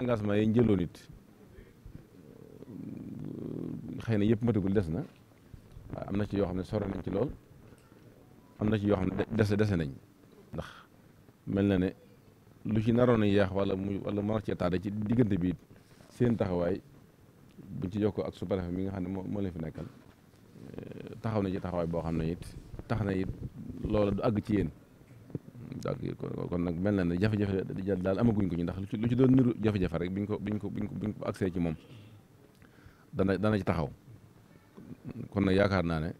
engagement yi njëloon it xëy na yëpp matagul des na am na ci yoo xam ne sore nañ ci lool am na ci yoo xam ne dese dese nañ ndax mel na ne lu ci naroon a yeex wala mu wala mu nar cee ci diggante bi seen taxawaay buñ ci jokkoo ak su préfet mi nga xam ne moo la fi nekkal eh, taxaw na ci taxawaay boo xam ne it tax na it loola du àgg ci yéen ak kon nag mel na ne jafe-jafe daal amaguñ ko ñu ndax lu ci lu ci doon niru jafe-jafe rek biñ ko biñ ko bi ko biñ ko accès ci moom dana dana ci taxaw kon nag yaakaar naa ne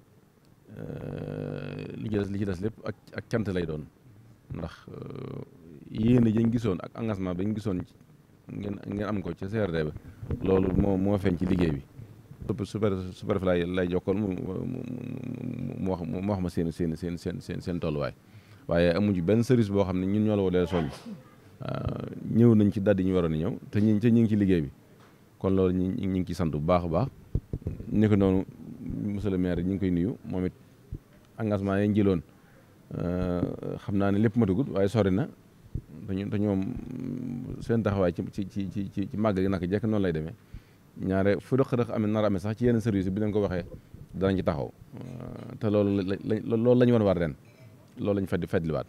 eh, li ci li ci des lépp ak ak cant lay doon ndax eh, yéene jañ gisoon ak engagement bañ gisoon ngeen ngeen am ko ci CRD loolu moo moo feeñ ci liggéey bi. super super lay lay jokkoon mu mu mu wax mu wax ma seen seen seen seen seen tolluwaay. waaye mujj benn service boo xam ne ñun ñoo la woo soññ euh, ñëw nañ ci dadd yi ñu waroon ñëw te ñu te ñu ngi ci liggéey kon loolu ñu ngi ci sant bu baax a baax ñu noonu monsieur le maire ñu ngi koy nuyu moom it engagement yi ñu jëloon euh, xam naa ne lépp matagut waaye sori na dañu te ñoom seen taxawaay ci ci ci ci ci màggal gi naka jekk noonu lay demee ñaare fu rëq-rëq amee nar amee sax ci yenn service bi dañ ko waxee danañ ci taxaw euh, te loolu la loolu la ñu war war ren loolu lañ fedd feddliwaat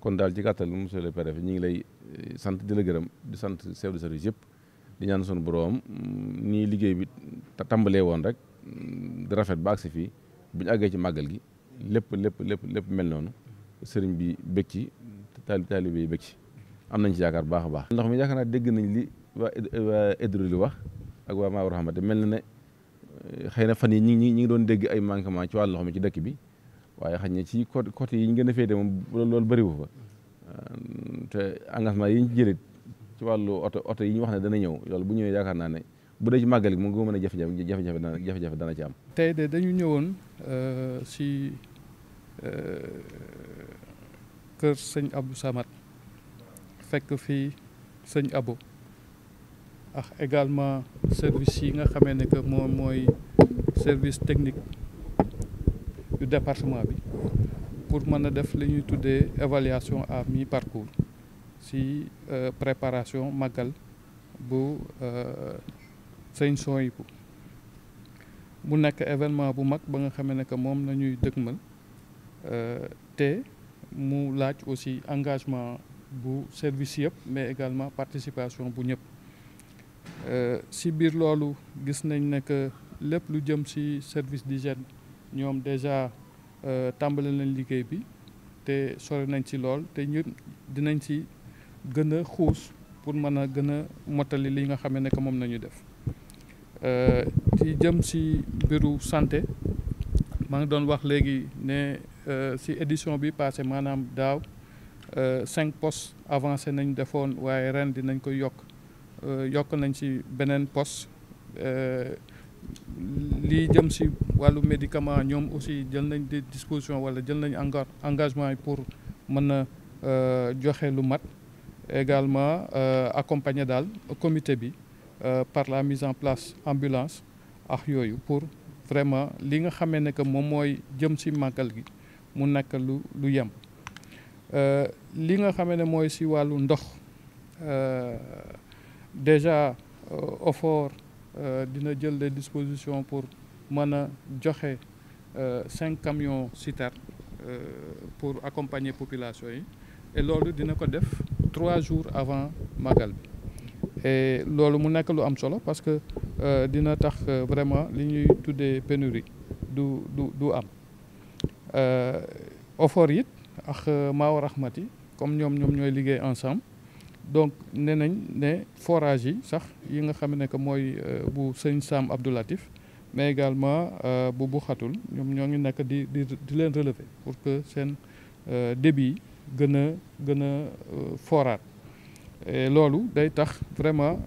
kon daal ci gàttal monsieur le préfet ñu ngi lay eh, sant di gërëm di sant chef de service yëpp di ñaan suñu boroom mm, nii liggéey bi tàmbalee woon rek mm, di rafet ba agsi fii bu ñu àggee ci màggal gi lépp lépp lépp lépp mel noonu sëriñ bi bëgg ci taali taalibe yi bëgg ci am nañ ci yaakaar baax baax ndox mi yaakaar naa dégg nañ li waa waa li wax ak waa Maodo Rahmati mel na ne eh, xëy na fan yi ñi ñu ngi doon dégg ay manquement ci wàllu loxo mi ci dëkk bi waaye xaj na ci côté côté yi ñu gën a féete moom loolu bëriwu fa euh, te engagement yi ñu jëlit ci wàllu oto oto yi ñu wax ne dana ñëw loolu bu ñëwee yaakaar naa ne bu dee ci màggal gi mu ngi mën a jafe-jafe jafe-jafe dana jafe tey de dañu ñëwoon si euh, euh, kër sëñ Abdou Samad fekk fii sëñ abu ah également service yi nga xamee ne moom mooy service technique. du département bi pour mën a def li ñuy tuddee évaluation à mi parcours si euh, préparation magal bu euh, sëñ Souhaïbou mu nekk événement bu mag ba nga xamee ne que moom la ñuy dëgmal euh, te mu laaj aussi engagement bu service yëpp mais également participation bu ñëpp si biir loolu gis nañ ne que lépp lu jëm si service d'hygiène ñoom déjà euh, tàmbale nañ liggéey bi te sore nañ ci lool te ñun dinañ ci gën a xuus pour mën a gën a mottali li nga xam ne que moom nañu def euh, ci jëm si mbiru santé maa ngi doon wax léegi ne si euh, édition bi passé maanaam daaw cinq postes avancé nañ defoon waaye ren dinañ ko yokk yokk nañ ci beneen poste li jëm si wàllu médicament ñoom aussi jël nañ des dispositions wala jël nañ enga engagement yi pour mën a euh, joxe lu mat également euh, accompagner daal comité bi euh, par la mise en place ambulance ax yooyu pour vraiment li nga xame ne que moom mooy jëm si màggal gi mu nekk lu lu yem li nga xame ne mooy si wàllu ndox déjà effort Euh, dina jël des disposition pour mën a joxe euh, cinq camions citerne euh, pour accompagner population yi et loolu dina ko def trois jours avant magal bi et loolu mu nekk lu am solo parce que dina tax vraiment li ñuy tuddee pénurie du du du am ofoor it ak Maawa Rahmati comme ñoom ñoom ñooy liggéey ensemble donc ne nañ ne forage yi sax yi nga xam ne que mooy euh, bu sëñ Sam Abdoulatif mais également euh, bu bu ñoom ñoo ngi nekk di di di leen relever pour que seen euh, débit yi gën a gën a foraat et loolu day tax vraiment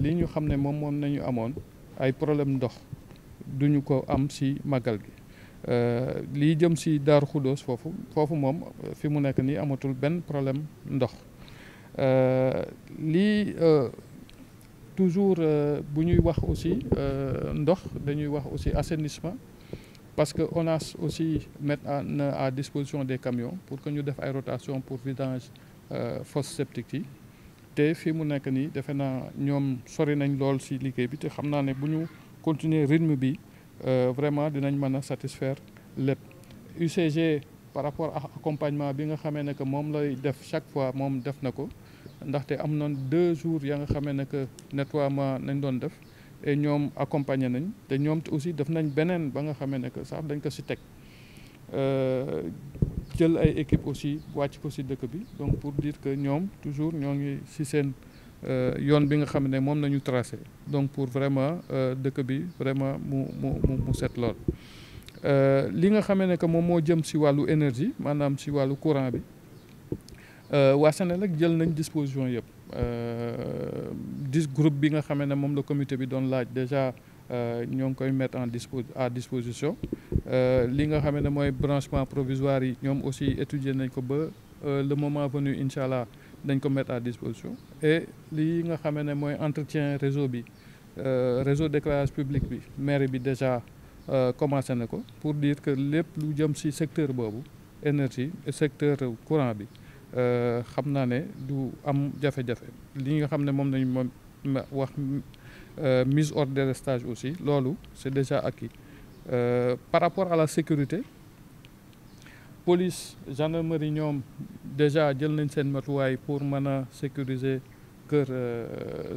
li ñu xam ne moom moom nañu amoon ay problème ndox duñu ko am si màggal gi lii jëm si Daaru Xuddoos foofu foofu moom fi mu nekk nii amatul benn problème ndox Euh, lii euh, toujours euh, bu ñuy wax aussi ndox dañuy wax aussi assainissement parce que on a aussi mettre à disposition des camion pour que ñu def ay rotation pour vidange fosse septique yi te fii mu nekk nii defe naa ñoom sori nañ lool si liggéey bi te xam naa ne bu ñu continuer rythme bi vraiment dinañ mën a satisfaire lépp UCG par rapport ak accompagnement bi nga xamee ne que moom lay def chaque fois moom def na ko ndaxte am noon deux jours ya nga xamee ne que nettoiement nañ doon def et ñoom accompagner nañ te ñoom aussi def nañ beneen ba nga xamee ne que sax dañ ko si teg euh, jël ay équipe aussi wàcc ko si dëkk bi donc pour dire que ñoom toujours ñoo ngi si seen euh, yoon bi nga xam ne moom nañu tracé donc pour vraiment euh, dëkk bi vraiment mu mu mu set li nga xamee ne que moom moo jëm si wàllu énergie maanaam si wàllu courant bi Euh, waa Senelec jël nañ disposition yëpp euh, dis groupe bi nga xamee ne moom la comité bi doon laaj déjà euh, ñoo ngi koy mettre en dispo à disposition li nga xamee ne mooy branchement provisoire yi ñoom aussi étudier nañ ko ba le moment venu incha allah dañ ko mettre à disposition et li nga xamee ne mooy entretien réseau bi réseau d'éclairage publique bi mairie bi déjà commencé na ko pour dire que lépp lu jëm ci secteur boobu énergie et secteur courant bi Euh, xam naa ne du am jafe-jafe li nga xam ne moom nañ moom wax euh, mise hors délestage aussi loolu c'est déjà acquis euh, par rapport à la sécurité police gendarmerie ñoom déjà jël nañ seen matuwaay pour mën a sécuriser kër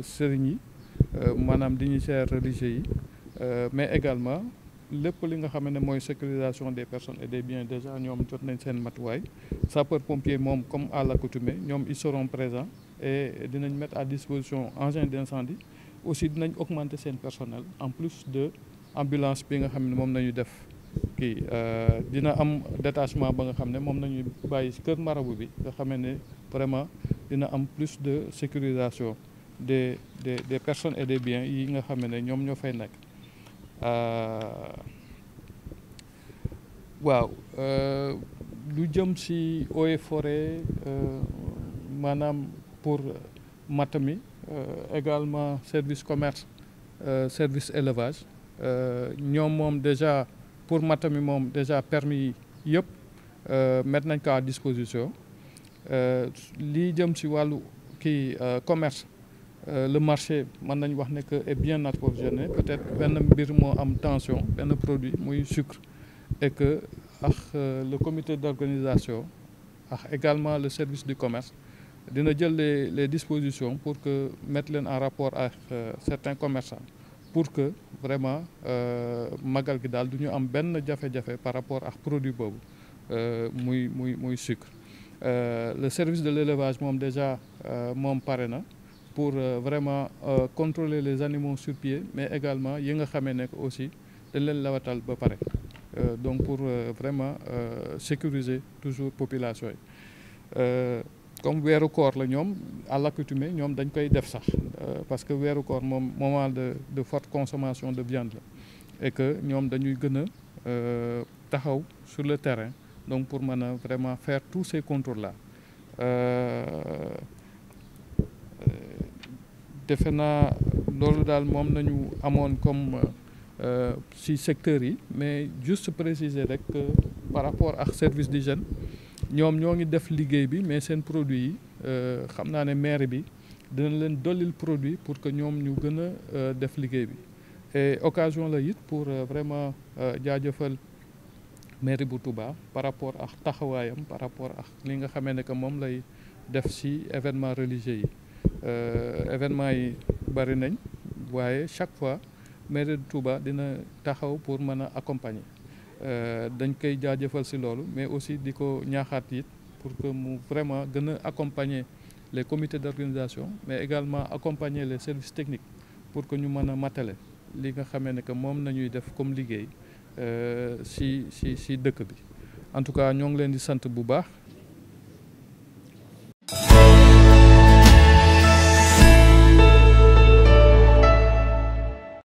sëriñ yi maanaam dignitaires religieux yi mais également lépp li nga xam ne mooy sécurisation des personnes et des bien déjà ñoom jot nañ seen matuwaay sapeur pompier moom comme à l'accoutumée ñoom ils seront présents et dinañ mettre à disposition engin d'incendie aussi dinañ augmenter seen personnel en plus de ambulance bi nga xam ne moom nañu def kii euh, dina am détachement ba nga xam ne moom nañuy bàyyi kër marabu bi nga xam ne vraiment dina am plus de sécurisation des des des personnes et des biens yi nga xam ne ñoom ñoo fay nekk Euh, waaw euh, lu jëm si eaux et forêt euh, maanaam pour mi également service commerce service élevage ñoom moom déjà pour matt mi moom déjà permis yëpp mettre nañ ko à disposition lii jëm si wàllu kii commerce Euh, le marché mën nañ wax ne que est bien approvisionné peut-être benn mbir moo am tension benn produit muy sucre et que ak euh, le comité d'organisation ak également le service du commerce dina jël les les dispositions pour que mettre leen en rapport ak euh, certains commerçants pour que vraiment magal gi daal du ñu am benn jafe-jafe par rapport ak produit boobu muy muy muy sucre le service de l'élevage moom déjà moom pare na pour euh, vraiment euh, contrôler les animaux sur pied mais également yi nga xamee nekk aussi leen leen lawatal ba pare euh, donc pour vraiment sécuriser toujours population yi comme weeru koor la ñoom à l'accoutumée ñoom dañ koy def sax parce que weeru koor moom moment de de forte consommation de viande la et que ñoom dañuy gën a taxaw sur le terrain donc pour mën a vraiment faire tous ces contrôles là defe naa loolu daal moom nañu amoon comme ci euh, secteur yi mais juste préciser rek par rapport ak service d'hygiène ñoom ñoo ngi def liggéey bi mais seen produit yi euh, xam naa ne maire bi dina leen dollil produit pour que ñoom ñu gën a euh, def liggéey bi et occasion la it pour vraiment jaajëfal mairie bu Touba par rapport ak taxawaayam par rapport ak li nga xamee ne que moom lay def ci événement religieux yi Euh, événement yi bari nañ waaye chaque fois mairie de Touba dina taxaw pour mën a accompagner euh, dañ koy jaajëfal si loolu mais aussi di ko ñaaxaat it pour que mu vraiment gën a accompagner les comités d'organisation mais également accompagner les services technique pour que ñu mën a matele li nga xamee ne que moom nañuy def comme liggéey si si si dëkk bi en tout cas ñoo ngi leen di sant bu baax.